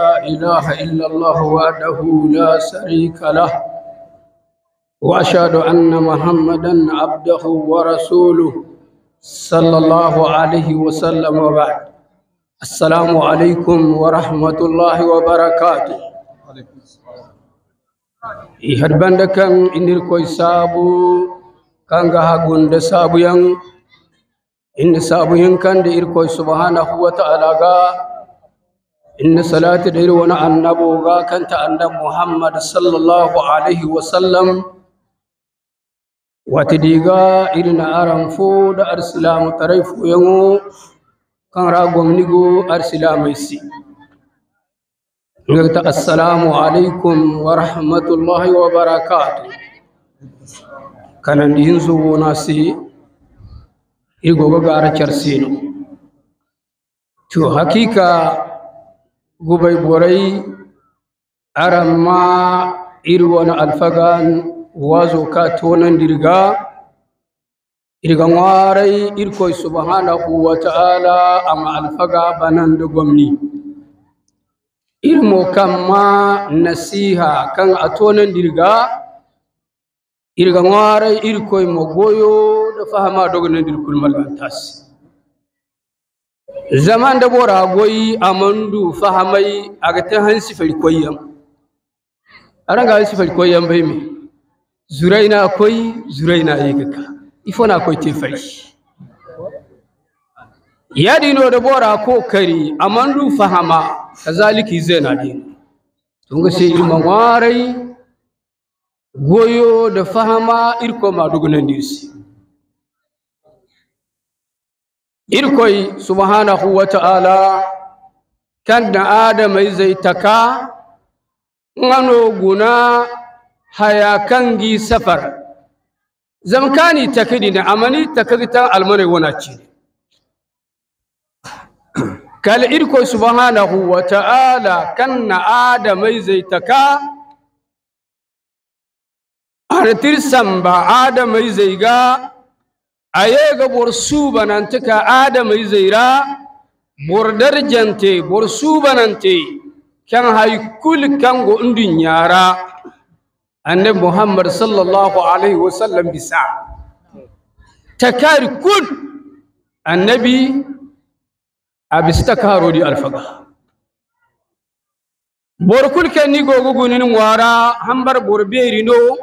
لا إله إلا الله وحده لا شريك له وأشهد أن محمدا عبده ورسوله صلى الله عليه وسلم وبعد السلام عليكم ورحمة الله وبركاته ihar banda kan indir koy sabu kanga hagunde sabu yang inde sabu yang kande ir koy subhanahu wa ta'ala ga إن صلاة ديرون النبو غاكنت أن محمد صلى الله عليه وسلم واتديغا إلنا أرم فود أرسلام تريف يمو كان راقوم نيغو أرسلام يسي السلام عليكم ورحمة الله وبركاته كان ينزو ناسي إيغو غارة تشرسينو تو حقيقة gubay borey aran ma iri alfagan wazo ka tonandirga irga ŋwaray irkoy subhanahu wa ta'ala ama alfaga banan dugomni irmo kan ma nasiha kan a dirga, irga ŋwaray irkoi da fahama dogonandir dirkul malantasi zaman da bora goyi amandu fahamai agata hansi fari koyam aranga hansi fari koyam bai me zuraina koi zuraina yigaka ifona koi te fari ya dino da bora ko kari amandu fahama kazaliki zaina din ga sai ilma warai goyo da fahama irko ma dugunan dirsi Irkoi subhanahu wa ta'ala kanna adamay zaytaka ngano guna hayakangi safar zamkani na amani takagita almanay ce. kala irkoi subhanahu wa ta'ala kanna adamay zaytaka ba samba zai ga. ga bor suubanante ka aadamayzayra bordarjante bor suubanante kan go kango yara, ande muhammad sallallahu alaihi wasallam bisa takari kun annabi abisitakarodi alfaga bor go gunin wara hambar bor rino,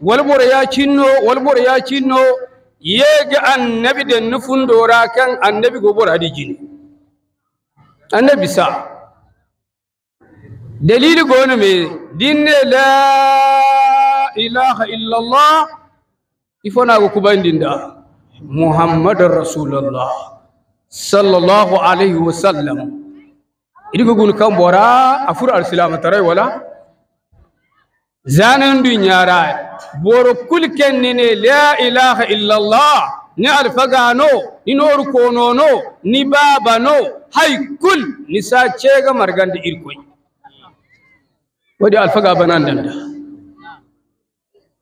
wal bor yacinno wal bor yacinno yege annabi da nufin dora kan annabi gobor adi jini annabi sa dalili gonu me dinne la ilaha illallah ifonago kubandinda muhammadan rasulallah sallallahu alaihi wa sallam idigo kan bora a afur arsilama taray wala zanen dunyara boro kulken ni ne la ilaha illallah ni alfagano ni noru konono ni babano hay kul ni sa cega margande irkoy wadi alfaga banan danda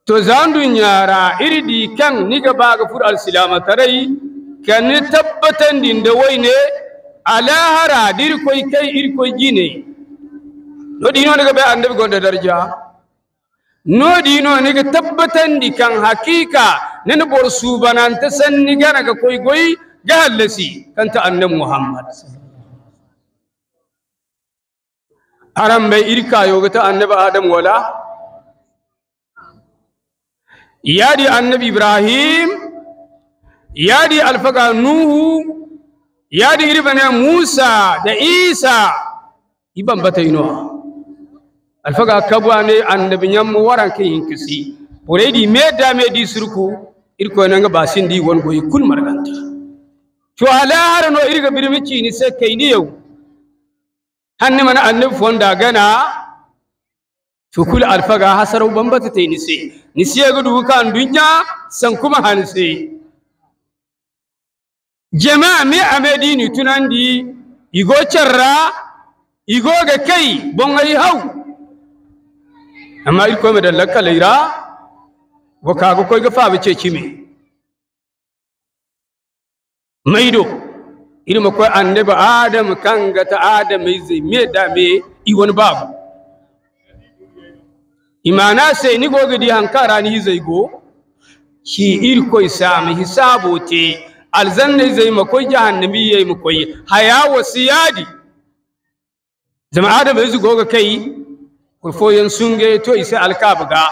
to zan dunyara irdi kan ni gaba ga fur alsilama tarai kan ni tabbatan din da waine alahara dirkoy kai irkoy gine no dino daga be andabi gonda darja noɗino niga di kan hakika nana bor subananta sanni ganaga koygoy kan ta annabi muhammad aran bai irka ta annabi adam wala yadi annabi ibrahim yadi alfaga nuhu yadi irbana musa da isa iban bataino alfaga kabwane waran waranke hinkisi boreydi me me di surku di won goyi kul marganti to ala no irga ni sai se kayni yau? Hannu mana annabi da gana to kul alfaga ni sai. Ni sai dugu kan dunya san kuma hanse. jama'a me amedini tunandi igo carra kai bon ai hau. amma irko me dalla kalaira go kago koy ga bace ce me maido ma koy ba adam kanga ta adam izi e me da me i won babu imana sai ni goga di hankara ni zai go ki shi irko sami hisabu te alzanna zai makoy jahannabi yayi makoy haya wasiyadi zama adam izi e goga kai kurfoyen sunge to isa ga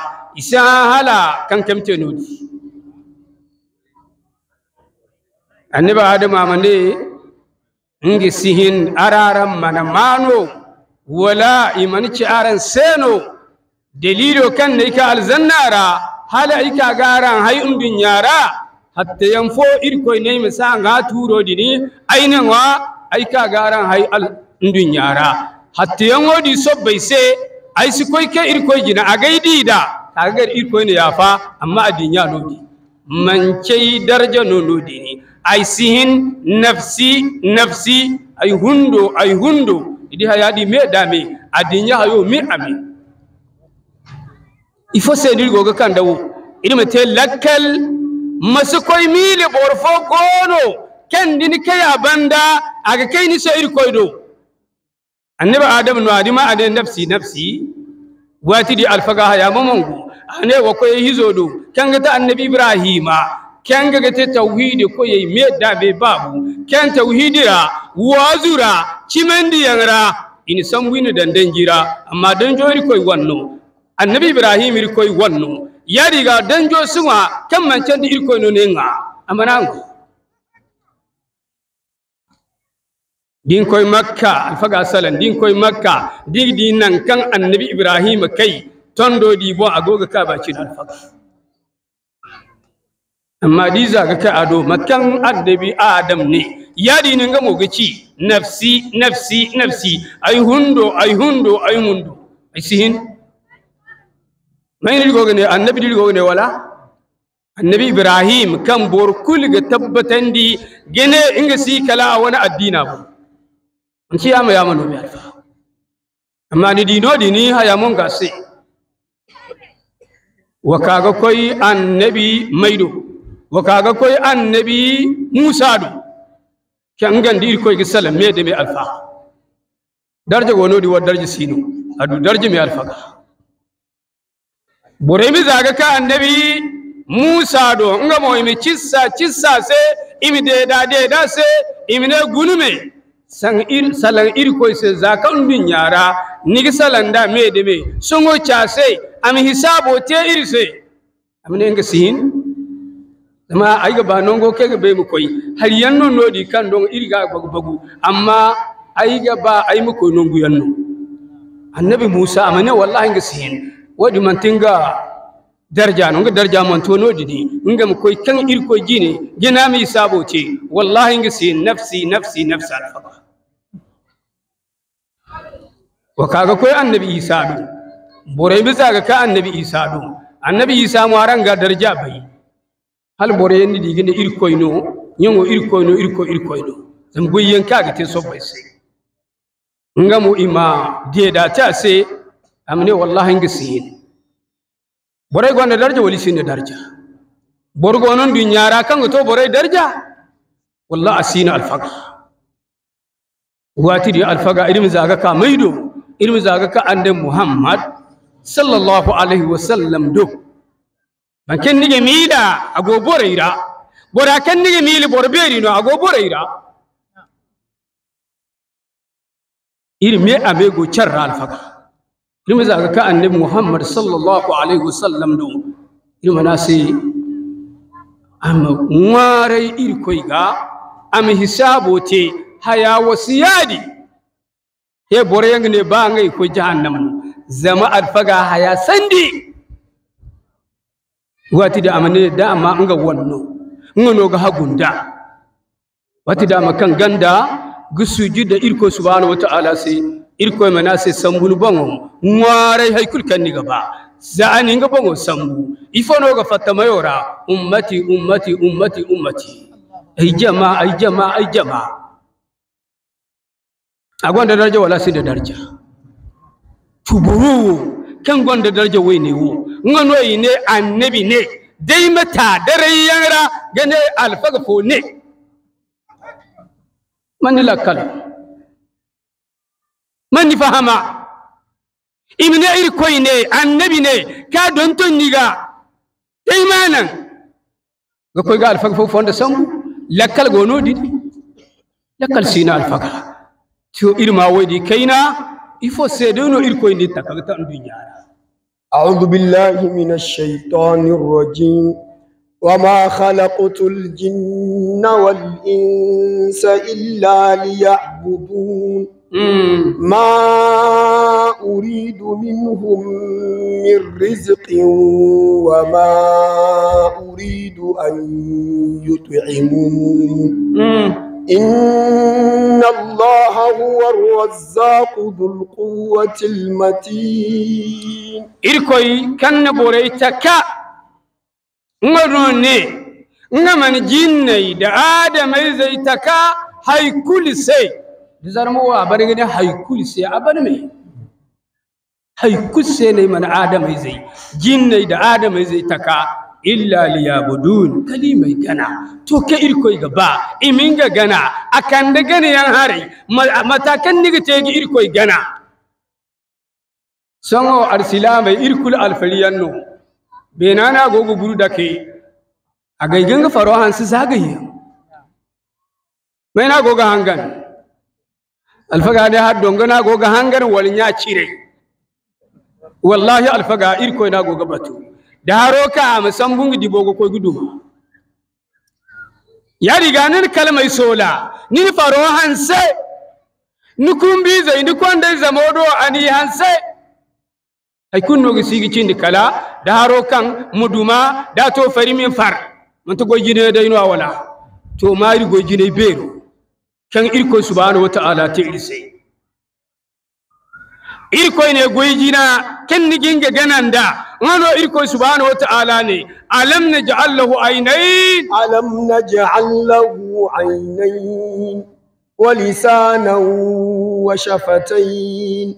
isa hala kan kamte nudi anniba adama amane ngi sihin araran mana mano wala imanci aran seno dalilo kan ne ka alzannara hala ika garan hay umbin yara hatta yanfo irko ne misa ga turo dini ainin wa aika garan hay al umbin yara hatta yango di bai sai ai su koi ke irkoy jina agay dida kaga irkoy ne fa amma adinya man mancey darja no lodini ai sihin nafsi nafsi ai hundo ai hundo idi yadi me me, adinya hayo me ami ifo se dir goga kan dawo idi te lakkal masu koy mili borfo gono dini ke ya banda aga kai ni so irkoy do annabi adam no adima ade nafsi nafsi wati di alfaga ya mamangu ane wa hizo hizodo kenge ta annabi ibrahima kenge ga te tauhidi ko yayi me da be babu kan tauhidira wazura cimendi yangra ini sambwini dan jira amma dan jori koy wanno annabi ibrahim ir koy wanno yari ga dan jo suwa kan mancan di ir koy no ne nga din koy makka alfaga salan din koy makka digdi nan kan annabi ibrahim kai tondo di bo agoga ka bakin alfaga amma di zaga ka ado makkan annabi adam ne yadi ne ga mogaci nafsi nafsi nafsi ay hundo ay hundo ay mundo ay sihin mai go ne annabi go ne wala annabi ibrahim kan bor ga tabbatan di gene inga si kala wani addina ba nciyama yamanomi alfahamu amma ni dino dini haya mun gase wa kaga koi annabi maido wa kaga koi annabi musa do kan gandi koi ki salam me de me alfa darje wono di wa darje sino adu darje me alfa ga bore zaga ka annabi musa do nga mo imi cissa cissa se imi de da de da se imi ne gunume sangil salang ir koy se zakan bin yara nigi salanda me de me cha se am hisabo te iri se ne nga sin dama ay ga banongo ke ga be mu koi har yanno di kan don iri ga bagu bagu amma ay ga ba ay mu koy nongu yanno annabi musa amane wallahi nga sin wadi man tinga darja no nga darja montonoɗiɗi ngam koy kan gina mi sabo sabote wallahi nga si nafsi nafsi nafsi aɗa faɓa wo kaga koy annabi isa ɗo boray mbi saga ka annabi isa do annabi isa mo aranga darja bayi hal borayenni ɗigine irkoyno ñango irkoyno irko irkoyno sam goyyen kaga te bay se mu ima deeɗa ta se amne wallahi nga si borai gonde darja wali sinde darja borgo noon ɗi ñaara kanko to borai darja wallahi asina sino alfaga di alfaga irim zaga ka maido irim zaga ka ande muhammad sallallahu alaihi wa sallam do ban nige miiɗa ago borayra bora nige miili borbeeri no ago borayra iri me amego carra alfaga ilmu za ka annabi muhammad sallallahu alaihi wasallam do ilmu na sai amma warai irkoi ga am hisabo te haya wasiyadi he boreng ne ba ngai ko jahannam zama alfaga haya sandi wati da amane da amma nga wonno ngono ga hagunda wati da makan ganda gusuji da irko subhanahu ta'ala sai irko mana se sambulu bango ngware ni kanniga ba za'ani nga bango sambu fatta mayora ummati ummati ummati ummati ay jama ay jama ay jama agonda daraja wala sinde daraja tuburu kan gonda daraja wayne wo ngano ne annabi ne dai mata dare yara gane alfaga fo ne manila kalu mani fahama imne irkoi ne annabi ne ka don ton niga taimanan ga koi ga alfaga fo fonda sambu lakkal gono di lakkal sina alfaga tiyo irma wadi kaina ifo sedono irkoi ne takaga tan dunya أعوذ بالله من الشيطان الرجيم وما خلقت الجن والإنس إلا ليعبدون ما أريد منهم من رزق وما أريد أن يطعمون إن الله هو الرزاق ذو القوة المتين إركوي كان بوريتك مروني نمن جيني دا آدم إذا تكا هاي كل شيء dizarmo a bar gida haikul sai a bar mai haikul sai ne mana adamai zai jinnai da adamai zai taka illa liyabudun kalimai gana to ka irkoi ba, imin ga gana akan da gani yan hari matakan niga tegi irkoi gana sango arsila mai irkul alfariyanno benana gogo guru da ke a gaigin ga faro hansu zagaye mai na goga hangan alfaga ne har dongana goga hangar walin ya cire wallahi alfaga irko na goga batu da haro ka musan bungu bogo ko gudu ya riga nin kalmai sola ni faro hanse nukumbi zai ni zama zamodo ani hanse Ai kunno gi sigi cindi kala da haro kan muduma da to fari min far mun to gojine dai no wala to mari gojine bero ken irkoy subhanahu wataala ta irse irkoy ne kin nigin ni ganan da wano irkoy subhanahu wataala ne alam naj'al lahu aynayn alam naj'al lahu aynayn ولسانا وشفتين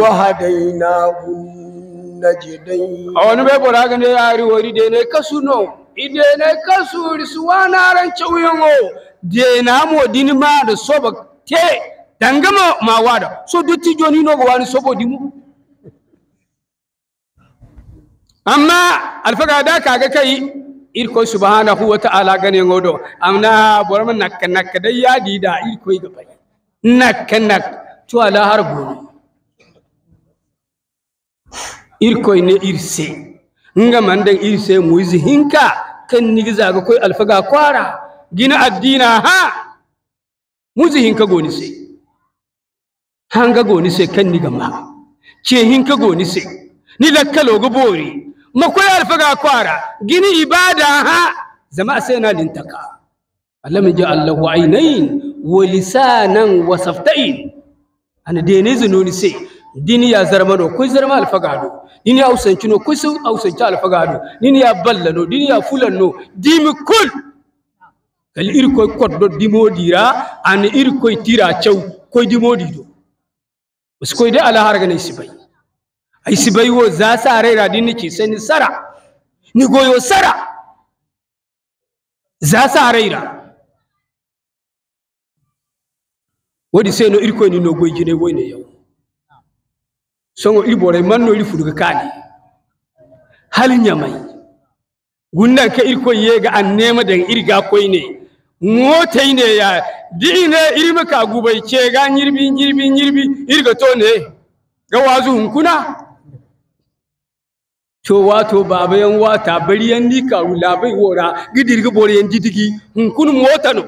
وهديناه النجدين او نبي بوراغن يا ري وري دي ne kasuno ide ne kasuri suwana ran chawyo jenamo dinima da soba te dangama ma wada so dotti joni nogo wani soɓodi dimu amma alfaga da kaga kai irko subhanahu wa ta'ala gane ngodo amna borma nakka nakka dai ya da irko ga bai nakka nak to ala har go irko ne irse nga mande irse muizi hinka kan nigiza ga koi alfaga kwara gina addina ha muzi hinka goni se hanga goni se kan ni gamma ce hinka goni se ni lakka logo bori makoy alfaga kwara gini ibada ha zama sai na lintaka alam ja allahu ainain wa lisanan wa saftain ana ne zinoni se dini ya zarma no kuy zarma alfaga do dini ya usanci no kuy su ausanci alfaga do dini ya ballano dini ya fulanno dimi kul kali irkoy koddo dimodira an irkoy tira cew koy dimodiɗo uskoy de ala harga nay sibay ay sibay wo za sarera dinni ci seni sara ni goyo sara za sarera wodi seno irkoy ni no goy jine woyne yaw songo irbore manno iri fuduga kani hal nyamai gunda ka irkoy yega an nema den irga koi ne ne ya diine irma ka gubay ceega ñirbi ñirbi ñirbi irga to ne ga wazu hunkuna to wato yan wata yan ni ka labai wora gidirga yan didigi hunkun mota no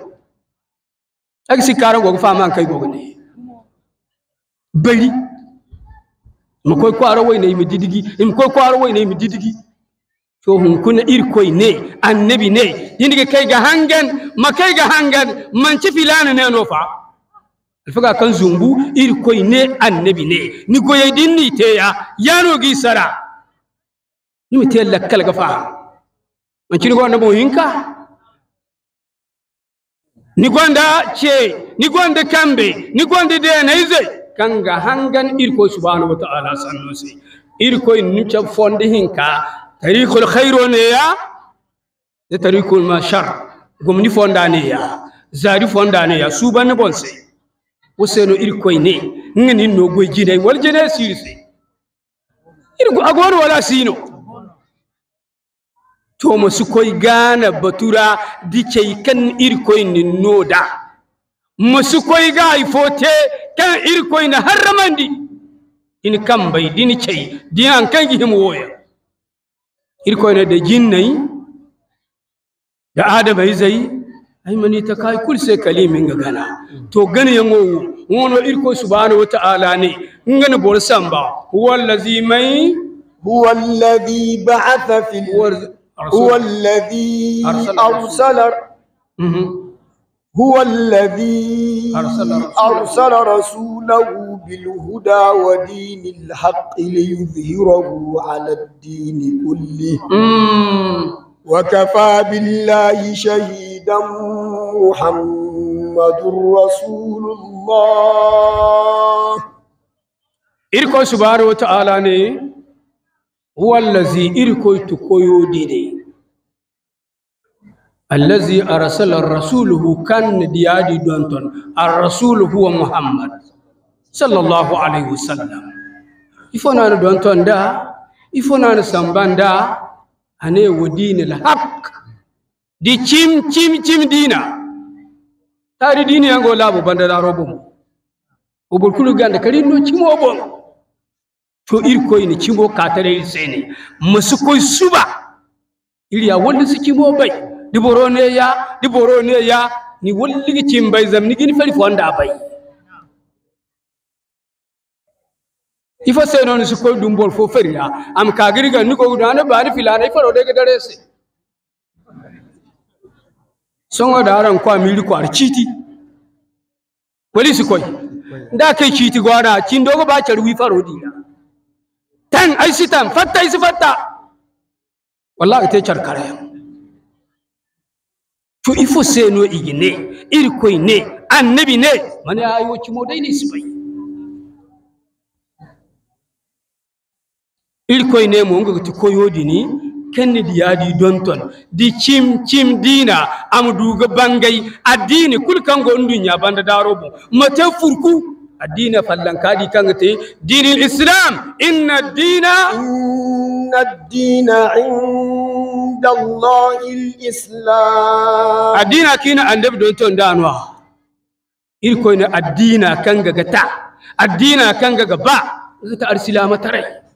ag si karan gogo fama kai gogo ne bari makoy kwaro wayne mi didigi im koy kwaro wayne mi didigi to kuna irkoy ne annabi ne kai ga hangen ma kai ga hangen ci filana ne no fa alfaga kan zumbu irkoy ne annabi ne ni goye dinni ya yano gi sara ni mi te lakkal ga fa ci go na bo hinka ni gonda ce ni gonda kambe ni gonda de na ize ga hangan irko subhanahu wa ta'ala sanno sai irkoy ni cha fonde hinka tariqul khairu ne ya da tariqul mashar gomni fonda ne ya zari fonda ne ya su bani no ir koy ne ngani no goy jine wal sai ir go agor wala sino to mo su koy gana batura di dikey kan koy ni noda mo su koy ga ifote kan koy na harramandi in kan bai din cey an kan himo woya Irko ne da jinnayi da adama izai aymani ta kai kul sai kalimin ga gana to gana yango wono irko subhanahu wa ta'ala ne gani bor samba wallazi mai huwa alladhi ba'atha fil huwa alladhi arsala هو الذي أرسل رسوله بالهدى ودين الحق ليظهره على الدين كله وكفى بالله شهيدا محمد رسول الله إركو سبحانه وتعالى هو الذي إركو تكويو ديني allazi arsala rasuluhu kan diyadi donton ar-rasul huwa muhammad sallallahu alaihi wasallam ifona donton da da, sambanda ane dina la hak di chim chim chim dina tari dini yango labu bandala robum obol kulu ganda kari no chimo bon to ir koy ni chimo katare sene masu koy suba iriya wanda si chimo bai di ya di ya ni wolligi cimbay zam ni gini fari fonda non su ko dum bol fo ya am ga ni ko dana bani filana ro de se songo daran kwa miri kwar chiti polisi koy da kai chiti gwara dogo ba ruwi faro dira tan ai sitan fatta isi fatta wallahi te kare. to ifo seno igine irkoi ne annabi ne mani ayo mo dai ne sibai irkoi ne mo ngi ti koyodi ni kenni di yadi donton di chim chim dina am duga bangay adini kul kango ndunya banda darobo mate furku addina fallan kadi kanga te dinin islam inna dina inna dina inda allahi islam addina kina andab don ton danwa irko ina addina kanga ta addina kanga gaba zata arsila matarai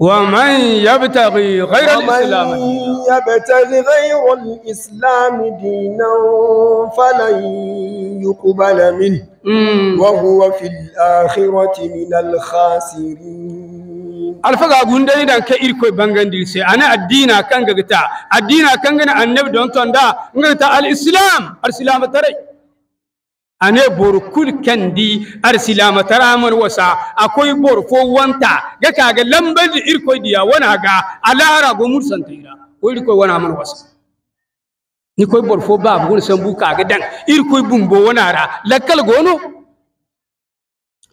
ومن يبتغي غير الإسلام ومن يبتغي غير الإسلام دينا فلن يقبل منه وهو في الآخرة من الخاسرين alfaga gunda ni dan ka irko bangandil sai ana addina kan gagata addina kan gana annabi don tonda ngata al islam al islam tare ane bor kul kandi arsilama taramar wasa akwai bor wanta ga kaga lambar da irkoi diya wana ga alara go mursan tira ko irkoi wana man wasa ni koi bor fo ba gun san buka ga dan irkoi bumbo wana ra lakkal gono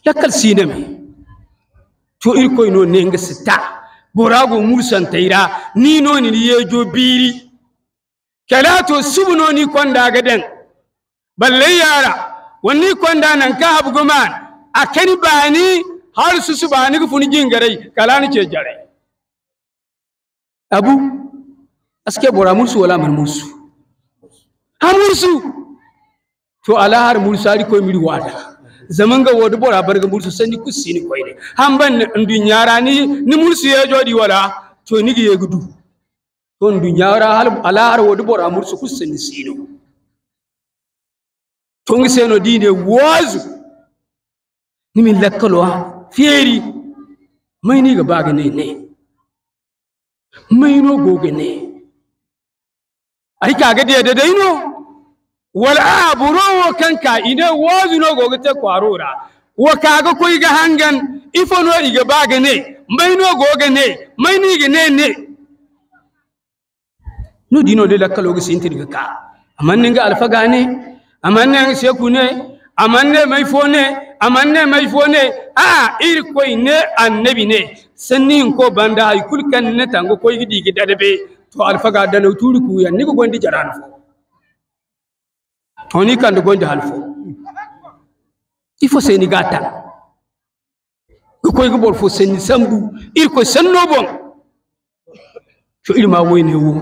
lakkal sinami to irkoi no ne nga sita borago mursan tira ni no ni yejo biri to subno ni konda ga dan balle yara wani kwanda nan ka habu guman akani bani har su su bani jin jingarai kalani ce jare abu aske bora musu wala man musu ha musu to ala har ari ko miri wada zaman ga wadu bora ga musu sani kusi ni koyne hamban ndun yara ni ni musu ya jodi wala to ni ye gudu to ndun yara hal ala har wadu bora musu kusi ni sino tongi seno dine wazu nimin lekkalo feri mai mayni ga baga ne ne mayno goge ne ai kaga da de dai no wal aburo kan ka ine wazu no goge te kwarora wa kaga koy ga hangan ri ga baga ne mayno goge ne mayni ga ne ne no dino le lakkalo ga sintir ga ka amanninga ninga alfaga ne amanne ne amanne ne amanne ne a ah, iri koi ne annabi ne sanni ko banda ay kulkan ne tango koi gidi gida be to alfaga dalo turu ku yan nigo gondi jaran fo to ni kan gondi halfo ifo se ni gata ko koy go fo se ni sambu iri ko sanno bon to ilma ma wo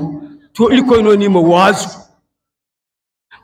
to iri koy no ni ma wazu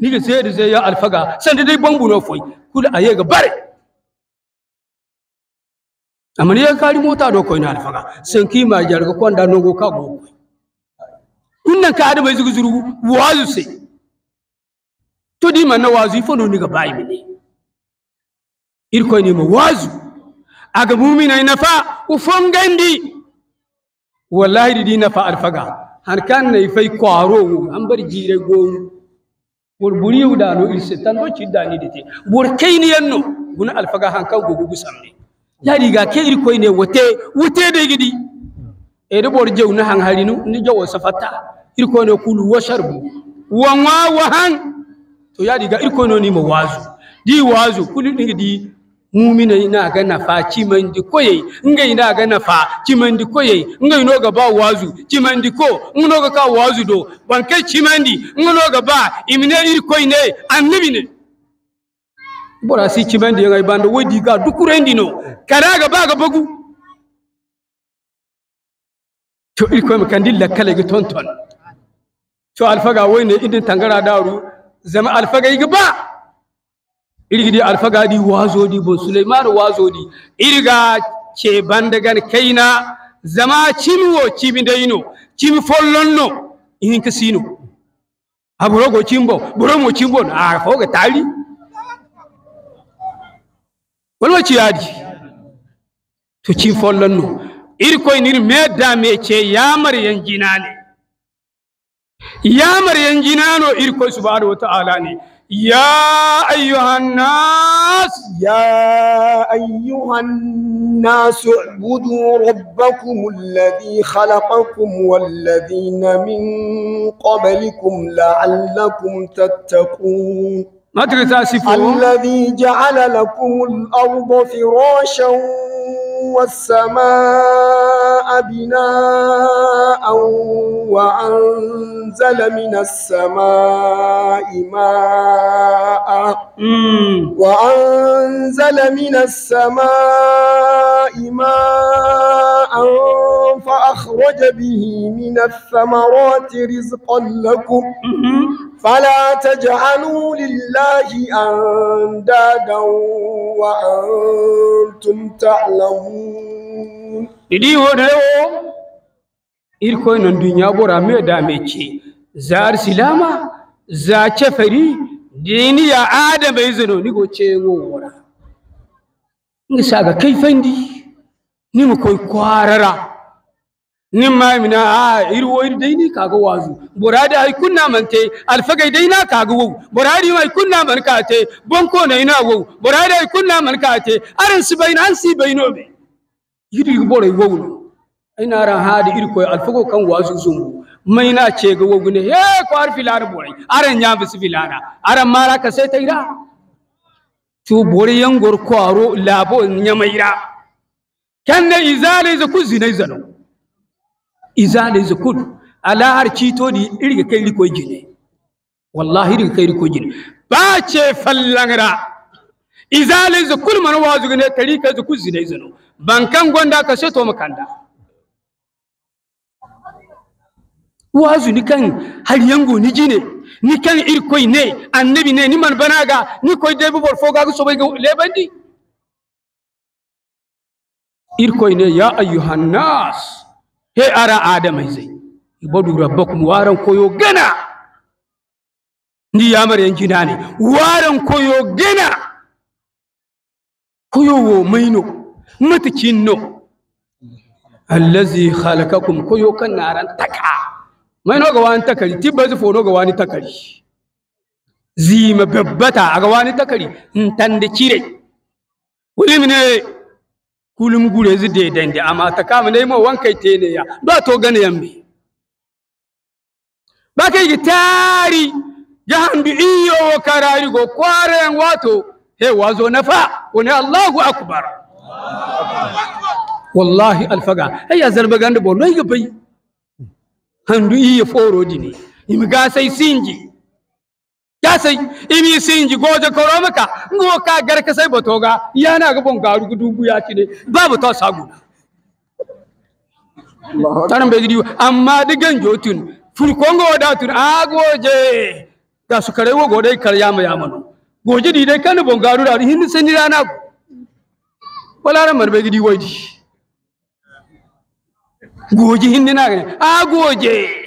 ni sai da ya alfaga san da dai bambu no foi kula aye ga bare amani ya kari mota do koi na alfaga san ki ma jarga kwanda no go ka go innan ka da mai zugu zugu wazu sai to di man na wazu fo no ni ga bai ir koi ni ma wazu aga na ina fa ufon gandi wallahi di na fa alfaga har kan na ifai kwaro an bar jire gonu burburi udano irse tando ciddani dite workeyni yanno guna alfaga gugu gogugu samne yadiga ke iri koyne wote wote de gidi ede ɓor jewni han harinu ni jowo safata? iri koyne kulu wa sharbu wa wahan to yadiga iri mo wazu, di wazu kulu ni gidi mumina ina gana fa di koye nga ina gana fa di koye nga ino ga ba wazu di ko ngno ga ka wazu do banke di ngno ga ba imine ir koine annabi ne bora si di ga bando wodi ga dukurendi no kara ga ba ga bagu to ir ko kandilla kale ga tonton to alfaga wayne idin tangara daru zama alfaga ga ba irgidi alfagadi wazodi bo suleiman wazodi irga ce bandagan kaina zama cimiwo cimi dayino cimi follonno in kasino aburogo cimbo buromo cimbo a foga tali ci yadi to cim follonno irkoy nir me ce yamar yanjinane yamar yanjinano irko subhanahu wa ta'ala ne يا أيها الناس يا أيها الناس اعبدوا ربكم الذي خلقكم والذين من قبلكم لعلكم تتقون ma ja alala si fo alladhi ja'ala lakum al-ardha firashan was-samaa'a binaa'an wa anzala minas samaa'i ma'an wa anzala minas samaa'i ma'an فأخرج به من الثمرات رزقا لكم فلا تجعلوا لله أندادا وأنتم تعلمون إلي وريو إلكو إن الدنيا برا ميدا ميتشي زار سلاما زار شفري ديني يا آدم بيزنو نيكو تشيغو ورا نساقا كيفندي ni mu koi kwarara Nin nimma mina a iri ni? Ka kaga wazu boradi ai kunna mante dai na kaga wow boradi hay kunna man kate bonko ina wu. boradi ai kunna man kate aran sibayna an sibaynoɓe yidi boray Ina ran haade iri koye alfago kan wazu ce ga ceega ne. he ko ar filara boray aran ñambisi filara aran mara ka sai setayra to boreyan gor koaro laabo ñamayra kenne isale iza ku zinay zano izale zukul ala har citoni irga kai riko jine wallahi irga kai riko gine. ba ce fallangra iza zukul man wazu ne kari ka zukul zine zano bankan gonda ka seto makanda wazu ni kan har yango ni jine ni kan irko ne annabi ne ni man banaga ni koy debu bor foga ga sobai ga lebandi irko ne ya ayyuhan nas he ara adamai zai ibadu rabbakum waran koyo gana ndi yamar yanki ne waran koyo gana koyo wo maino matakin no allazi khalakakum koyo kan naran taka maino ga wani takari tibba fono no ga wani takari zima babbata a ga wani takari in tan da cire wuli ne kulum gure zu de dande amma ta kama ne mo wankai te ne ya ba to gane yambe ba kai gitari jahandu iyo karari go wato he wazo nafa wani Allahu akbar wallahi alfaga hey zarba baganda bo noy gabai handu iyo foro dini ga sai sinji yasai imi ji goje maka ngo ka gar ka sai ga yana ga bon garu dubu ya ci ne babu ta sagu tanan be gidiwa amma digan jotun furkongo da tur a goje da su kare wo gode kar ya ma ya yamanu goje di dai kan bon garu da hin ji rana wala ran man be wai di goje hin na ga a goje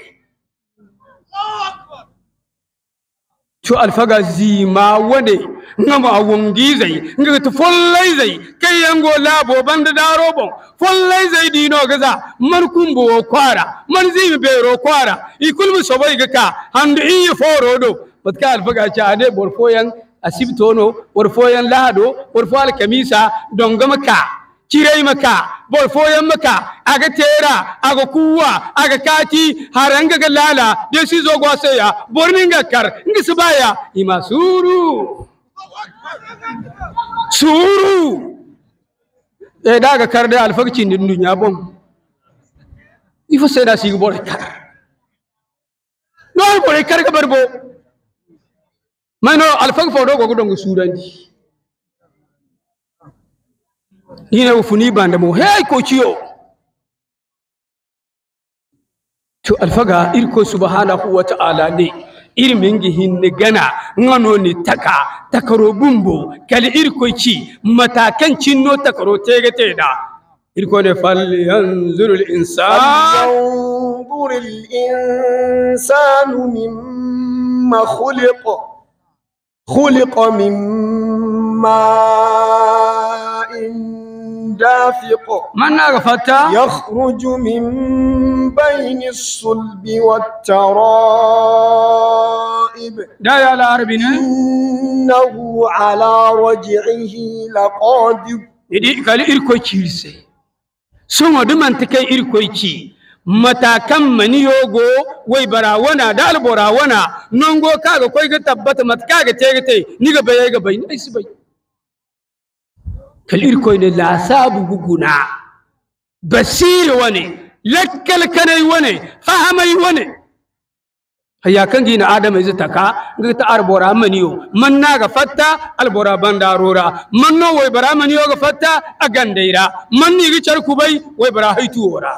co alfaga zima wade ngama awum gizai ngaga to follai zai kai yango labo bande da bon follai zai dino gaza man kumbo kwara man zimi bero kwara ikulmu sobai gaka handu in yi foro do batka alfaga cha ade borfoyan asibtono borfoyan lahado borfo kamisa dongama ka kirai maka bolfoyan maka aga tera aga kuwa aga kati haranga galala desi zo gwaseya nga kar nga sibaya ima suru suru e eh, daga karde alfakci ndin dunya bom ifo seda sigi bore kar no bore kar ga barbo mano alfak fodo go go dongo surandi banda mu hey kociyo to alfaga irko subhanahu wa ta'ala ne irmingi hinne gana ngano ni taka takaro bumbu kali irko ci matakan cinno takaro tege teda irko ne fal yanzuru insan yanzuru al insanu mimma khuliqa khuliqa mimma ماء دافق من أغفتا يخرج من بين الصلب والترائب دا يا العربين إنه على رجعه لقادب إذن قال إركو تشيرسي سوما دمان تكي إركو تشيرسي متى كم من يوغو وي albarawana دال kaga نونغو كاغو كوي mat متكاغ تيغتي te ni ga baye ga bai kal'irkoyne laasabu guguna basire wane lakkal kanay wane fahamay wane haya kangina adama isa taka ngita arbora maniyo manna ga fatta albora bandarora manno way bara maniyo ga fatta agandeira manni gi charkubai way bara haitu ora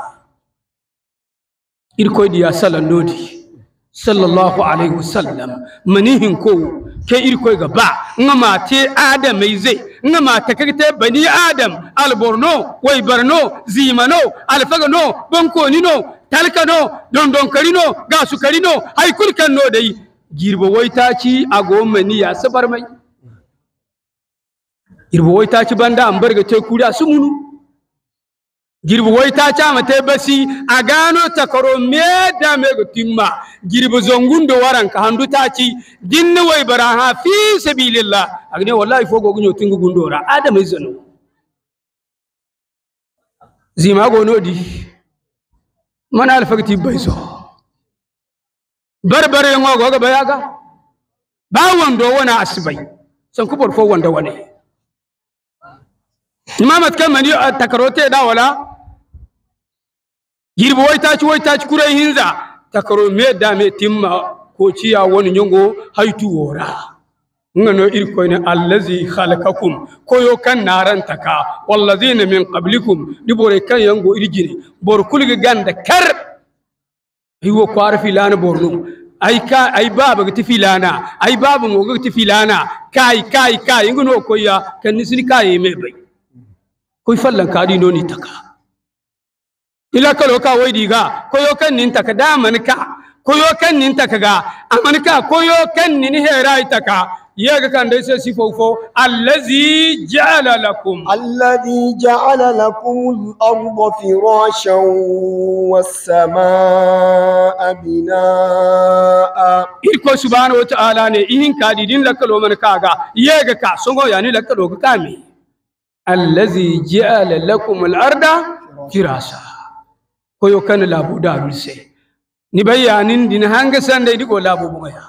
irkoy diya salandodi sallallahu alaihi wasallam manihin ko ke iri ga ba nga mate adam e ize nga mate bani adam alborno waibarno barno zimano alfagano bankonino talkano karino dondonkarino gasukarino haikulkanno dai girbo a ni ya sabar mai girbo woitaci banda ambarga te kuri sumunu girbi wai ta ma ta basi a gano takaro me da me timma girbi zongun da waran ka handu ta ci dinni wai bara ha fi sabilillah agne wallahi fogo gunyo tingu gundora adam izano zima go nodi mana alfakti bayso barbare go ga bayaga ba wando wana asibai san kubor fo wanda wane imamat kan mani takarote da wala girbi wai taci wai taci kurai hinza takaro me da me timma ko ciya wani nyongo haitu wora ngano irko ne allazi khalaqakum koyo kan naran taka wallazina min qablikum dibore kan yango irgine bor kulige ganda kar hiwo ko arfi lana borno ay ka ay baba gati filana ay baba mo gati filana kai kai kai ngano koya kan nisni kai me bai koy fallan kadi noni taka ila kalo ka wai diga koyo kan nin taka da manka koyo kan nin taka ga amanka koyo kan nin herai taka ga kan dai sai sifofo allazi ja'ala lakum allazi ja'ala lakum al-ardha firashan was-samaa'a binaa'a iko subhanahu wa ta'ala ne ihin didin lakalo man kaga ga ka songo yani lakalo ka me allazi ja'ala lakum al-ardha firashan koyo kan labu darul se ni bayanin din hanga san dai diko labu bu ya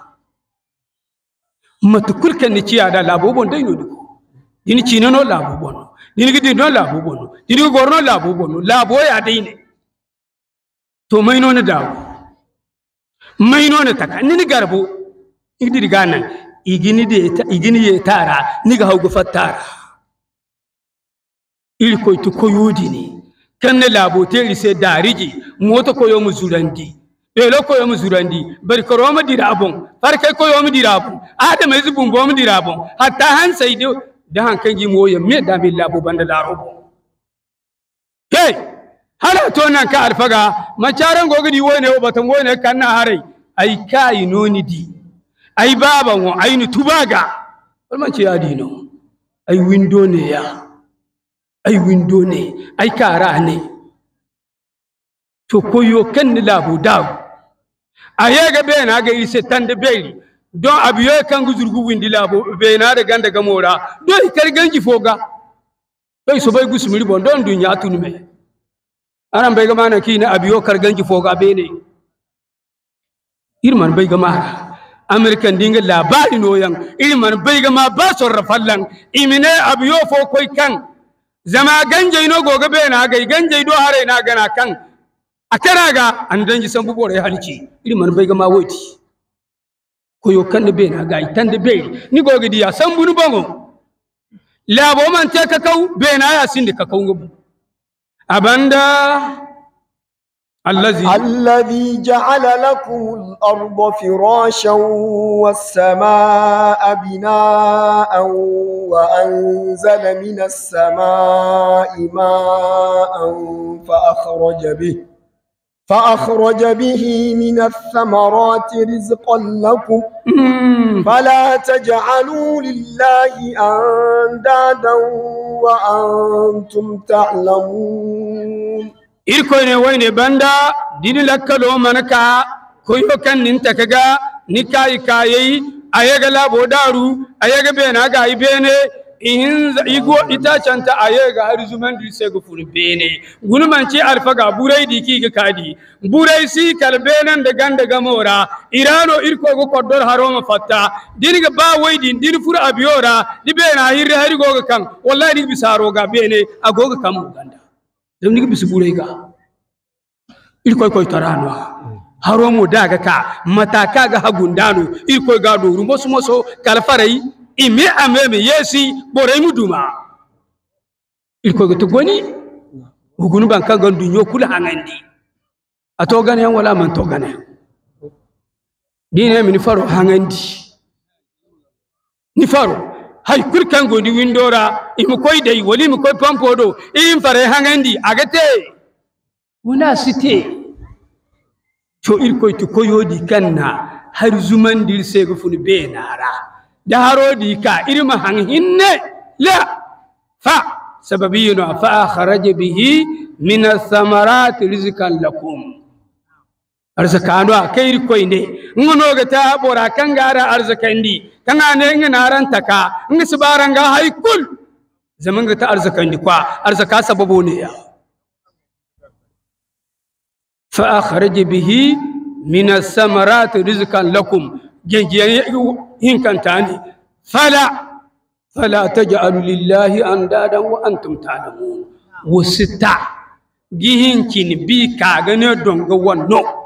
matukul kan ni ci da labu bon dai no digo dini cino no labu bon dini gidi no labu bon dini gorno labu bon labo ya dai ne to mai no na dawo mai no na taka ni garbo igidi ganan igini de igini ye tara ni ga haugu fattara iri koytu koyudi ni kanne labote, se dariji moto ko yomu zurandi belo ko yomu zurandi bar ko roma dirabon farkai ko yomu dirabon adam e zubun bom dirabon hatta han sai de da han kanji mo me da billa bo banda daro ke hala to nan ka alfaga macaran gogidi wone o batan woyne kanna harai ai kai noni di ai baban wo ainu tubaga walman ce ya dino ai windo ne ya ai windo ne ai kara ne to koyo kan ni labu dawo a yega be na ga ise tande be do abiyo kan guzurgu windi labu be na da ganda ikar ganji foga bai so bai don dunya bai kina kar ganji foga ne irman bai american dinga labari noyan irman bai ba sorrafallan imine fo koi kan zama gai Ganjai do ganjay na gana kan a ga an danji bubo rai halci iri man ga ma woyti na gai? Tan tande bai? ni san bunu bango labo man te ya sin sindi kakawngo bu abanda الذي الذي جعل لكم الأرض فراشا والسماء بناء وأنزل من السماء ماء فأخرج به فأخرج به من الثمرات رزقا لكم فلا تجعلوا لله أندادا وأنتم تعلمون irko ne wai ne banda dini lakkalo manaka koyo kan ninta kaga kai kayi ayega labo daru be bena ga ibene ihin igo itacanta ayaga har zuman di sai gufur bene gulmanci alfa ga burai diki ga kadi burai si kalbenan da ganda gamora irano irko go koddor haroma fatta dini ga ba wai din dini fur abiyora dibena hirre go ga kan wallahi saro ga bene agoga kan muganda bisu bure ga irkoy koy tarano haro mo daga ka ka ga hagundano irkoy ga do rumbo sumo so kalfarai ime ameme yesi borai muduma irkoy ga tugoni ugunu ban kan gandu nyo kula hangandi ato gane wala man to gane dine mini faro hangandi ni faro hay kurkan godi windora imu koy dey wali mu koy pampo do im fare hangandi agate una site to ir koy to koyodi kanna har zuman dir sego funu be nara da harodi ka irma hang hinne la fa sababiyun fa kharaj bihi min ath-thamarati rizqan lakum arzakano akairi koyne ga ta habora gara arzikandi, kanga ne nganaran taka ga haikul ga ta arzikandi kwa arzaka sababu ne ya fa akhraj bihi min as samarati rizqan lakum gengiyan hinkantani fala fala taj'alu lillahi andadan wa antum ta'lamun wasita kin bi kagane dongo wannan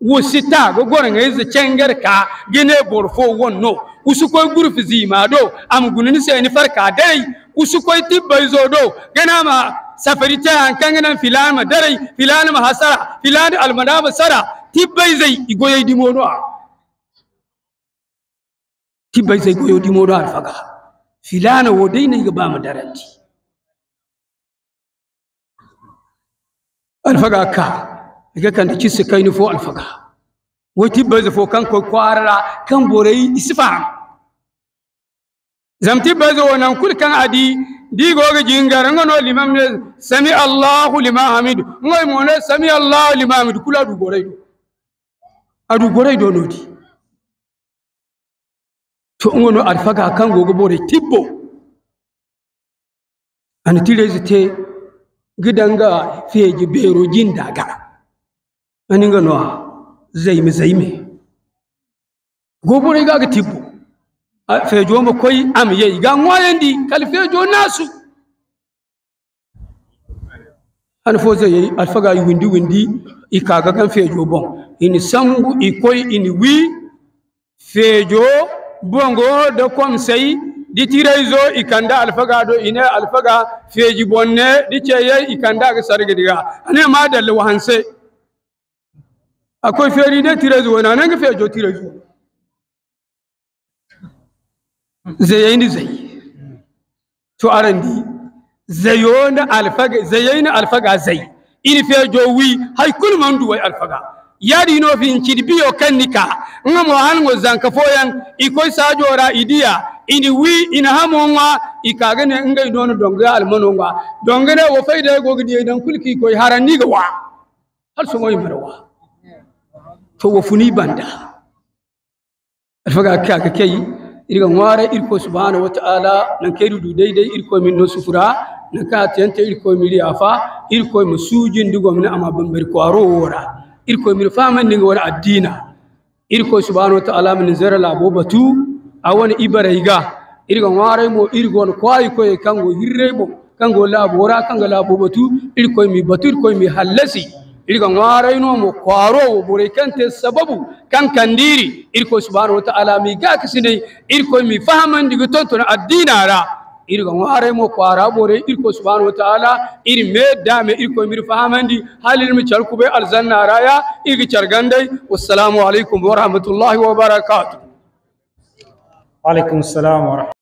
wusita go gorenga izi chenger ka gine borfo wonno usukoi gurufi zima do am gunini se ni farka dai usukoi tibbai zo do gena ma safari ta an kanganan filan ma dai filan ma hasara filan almadaba sara tibbai zai igoye dimodo a tibbai zai goyo dimodo faga filan wo dai ne ga ba ma daranti faga ka ga kan ki su kai ni fo alfaga wati baza fo kan ko kwara kan borai isfara zamti baza wonan kul kan adi di goga jingar ngono limam sami allah liman hamid ngoy mo ne sami allah liman hamid kula du borai do adu borai do nodi to ngono alfaka kan goga borai tibbo an tire gidanga feji beru jin aninga noa zaimi zaimi gobore ga tibu fejo mo koy am yeyi ga ngoyendi kala fejo nasu an fo zeyi alfaga yi windi windi ika kaga kan fejo bon ini sangu i ini wi fejo bongo da kom sai di tirai zo ikanda alfaga do ine alfaga feji bonne di cheye ikanda ga sarga diga ane ma da wahanse Akwai feri akoy nan de tirezu wona nanga Zai tirezu ni zai? to arandi na alfaga zai na alfaga in ini feejo wi hay kulman duway alfaga fi inci di biyo kannika ngamo hango zanka foyan sajo sajora idiya ini wi ina hamonga ikagane ngay nono donge almanonga dongene wo fayde gogdi dan kulki koy ga wa hal somoy mara wa towofuni banda alfaga kaka kei irga ngware irko subhanahu wa ta'ala nan kedu du daidai irko min no sufura nan ka tente irko mi riafa irko mi sujin du gomna ama bambar kwaro wora irko mi faman ni wora addina irko subhanahu wa ta'ala min zara labo batu awon ibaraiga irga ngware mo irgon kwai ko kango hirrebo kango labo wora kango labo batu irko mi batu irko mi halasi إلقى وارينو مقارو وبركان تسببو كان كنديري إلقى سبحانه وتعالى ميقاك سيدي إلقى مفهما ديكتون تنع الدين على إلقى واريمو قارا بوري إلقى سبحانه وتعالى إلقى ميدام إلقى مرفهما دي هل المشاركو بي الزن رايا إلقى شرغان دي والسلام عليكم ورحمة الله وبركاته عليكم السلام ورحمة الله